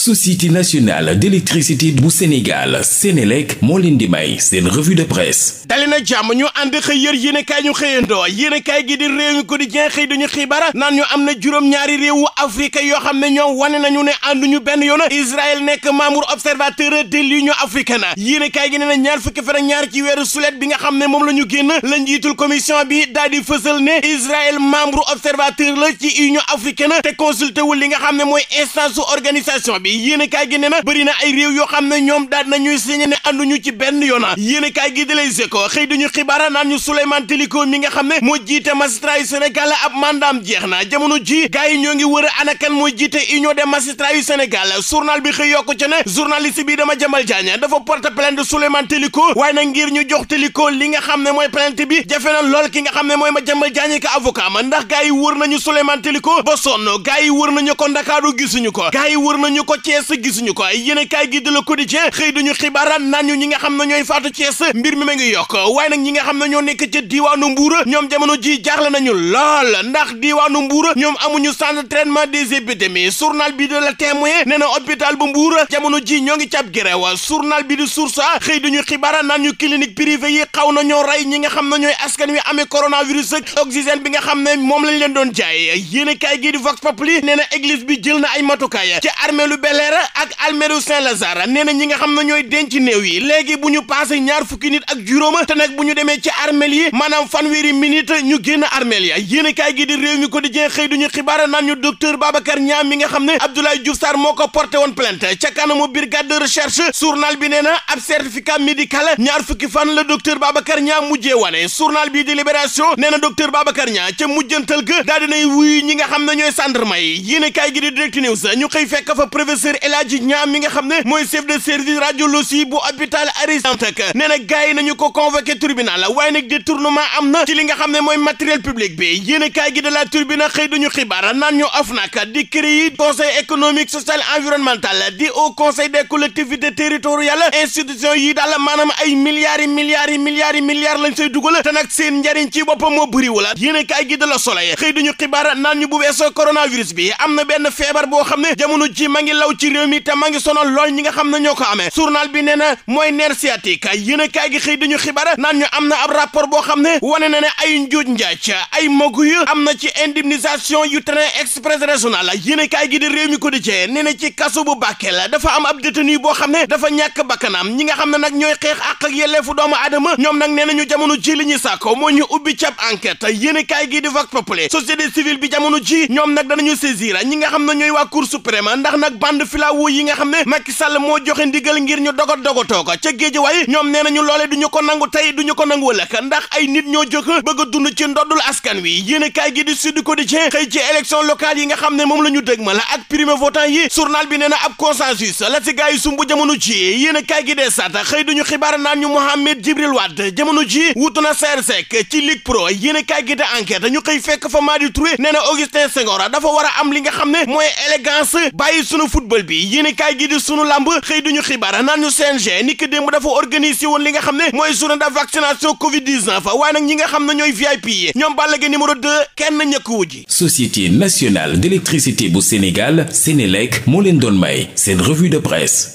société nationale d'électricité bu Sénégal Sénélec moo leen di may seen revue de presse dali na jàmm ñu ànd xëy yër yéenekaay ñu xëyandoo yéenekaay gi di Rewmi Quotidien xëy dañu xibaar naan ñu am na juróom-ñaari réewu Afrique yoo xam ne ñoom wane nañu ne ànd ñu benn yoon Israël nekk membre observateur de l'Union africaine yéenekaay gi nee na ñaar fukki fan ak ñaar ci weeru sulet bi nga xam ne moom la ñu génn la njiitul commission bi daal fësal ne Israël membre observateur la ci Union africaine li nga xam ne mooy instance organisation bi bi yéen a kaay gi ne na bëri na ay réew yoo xam ne ñoom daal nañuy signé ne ànduñu ci benn yoon yéen a kaay gi di Les Échos xëy dañu xibaara naan ñu Souleymane Téliko mi nga xam ne moo jiite magistrat yu Sénégal ab mandaam jeex na jamono ji gars yi ñoo ngi wër a anakan moo jiite union des magistrats yu Sénégal journal bi xëy yokku ci ne journaliste bi dama jëmal jaaña dafa porte plainte Souleymane ko waaye na ngir ñu jox Téliko li nga xam ne mooy plainte bi jafe na lool ki nga xam ne mooy ma jëmbal jaañe ka avocat ma ndax gars yi wër nañu Souleymane Téliko ba sonn gars yi wër nañu ko ndakaaru gisuñu ko gars yi wër nañu ko Thiès gisuñu ko yéen kaay gi di Le Quotidien xëy dañu xibaar naan ñu ñi nga xam ne ñooy faatu Thiès mbir mi ma ngi yokk waaye nag ñi nga xam ne ñoo nekk ca diiwaanu Mbuur ñoom jamono ji jaaxle nañu lool ndax diiwaanu Mbuur ñoom amuñu centre de traitement des épidémies journal bi de la Témoin nee na hôpital bu Mbuur jamono ji ñoo ngi cab grève journal bi di Source A xëy dañu xibaar naan ñu clinique privée yi xaw na ñoo rey ñi nga xam ne ñooy askan wi amee coronavirus ak oxygène bi nga xam ne moom lañ leen doon jaay yéen kaay gi bi jël na ay matukaay ci armée Bel-Air ak Almeru Saint Lazare nee ñi nga xam ne ñooy denc néew yi léegi bu ñu passé ñaar fukki nit ak juróom te nag bu ñu demee ci armel yi maanaam fanweeri minute ñu génn armel ya yéenekaay gi di réew mi quotidien xëy duñu xibaar naan ñu docteur Babacar Niang mi nga xam ne Abdoulaye Diouf Sarr moo ko porté woon plainte ca kanamu brigade de recherche journal bi nee na ab certificat médical ñaar fukki fan la docteur Babacar Niang mujjee wane journal bi di libération nee na docteur Babacar Niang ca mujjantal ga daal dinay wuyu ñi nga xam ne ñooy gendarme yi yéenekaay gi di direct news ñu xëy fekk fa professeur El Hadji Niam mi nga xam ne mooy chef de service radiologie bu hôpital Aristide Dantec nee na gars yi nañu ko convoqué waaye nag détournement am na ci li nga xam ne mooy matériel public bi yéenekaay gi de La Tribune xëy duñu xibaar naan ñu OFNAC di créer conseil économique social environnemental di au conseil des collectivités territoriales institution yi daal maanaam ay milliards yi milliards yi milliards yi milliards lañ say dugal te seen njariñ ci boppam xam ne jamono law ci réew mi te ma ngi sonal lool ñi nga xam ne ñoo ko amee bi nee na mooy nerf sciatique yéen a kaay gi xëy dañu xibaar naan ñu am na ab rapport boo xam ne wane na ne ay njuuj njaaj ay magu yu am na ci indemnisation yu train express régional yéen a kaay gi di réew mi ko di cee nee na ci kaso bu Bakel dafa am ab détenu boo xam ne dafa ñàkk bakkanam ñi nga xam ne nag ñooy xeex a ak yelleefu doomu aadama ñoom nag nee nañu jamono ji li ñuy sàkko moo ñu ubbi cab enquête yéen a kaay gi di vox populi société civile bi jamono ji ñoom nag danañu saisir ñi nga xam ne ñooy waa cour suprême bande filao yi nga xam ne Macky Sall moo joxe ndigal ngir ñu dogot dogatoo ko ca géej waay ñoom nee nañu loole du ñu ko nangu tey du ñu ko nangu ëllëg ndax ay nit ñoo jëkk bëgg dund ci ndoddul askan wi yéen kaay gi di Sud xëy ci élection locale yi nga xam ne moom la ñu dëgmal ak primo votant yi journal bi nee na ab consensus la ci gaay yi sumbu jamono ci yéen kaay gi dee sat xëy duñu xibaar naan ñu Mohamed Jibril Wade jamono ji wutu na Saer Seck ci a li bii bi yéenekaay gi di sunu lamb xëy duñu xibaar naan ñu CNG ni ki démb dafa organiser woon li nga xam ne mooy journée de vaccination covid 19 waaye na ñi nga xam ne ñooy VIP yi ñoom Balla Gaye numéro 2 kenn ñëkkuwu ji société nationale d'électricité bu Sénégal Sénélec moo leen doon may seen revue de presse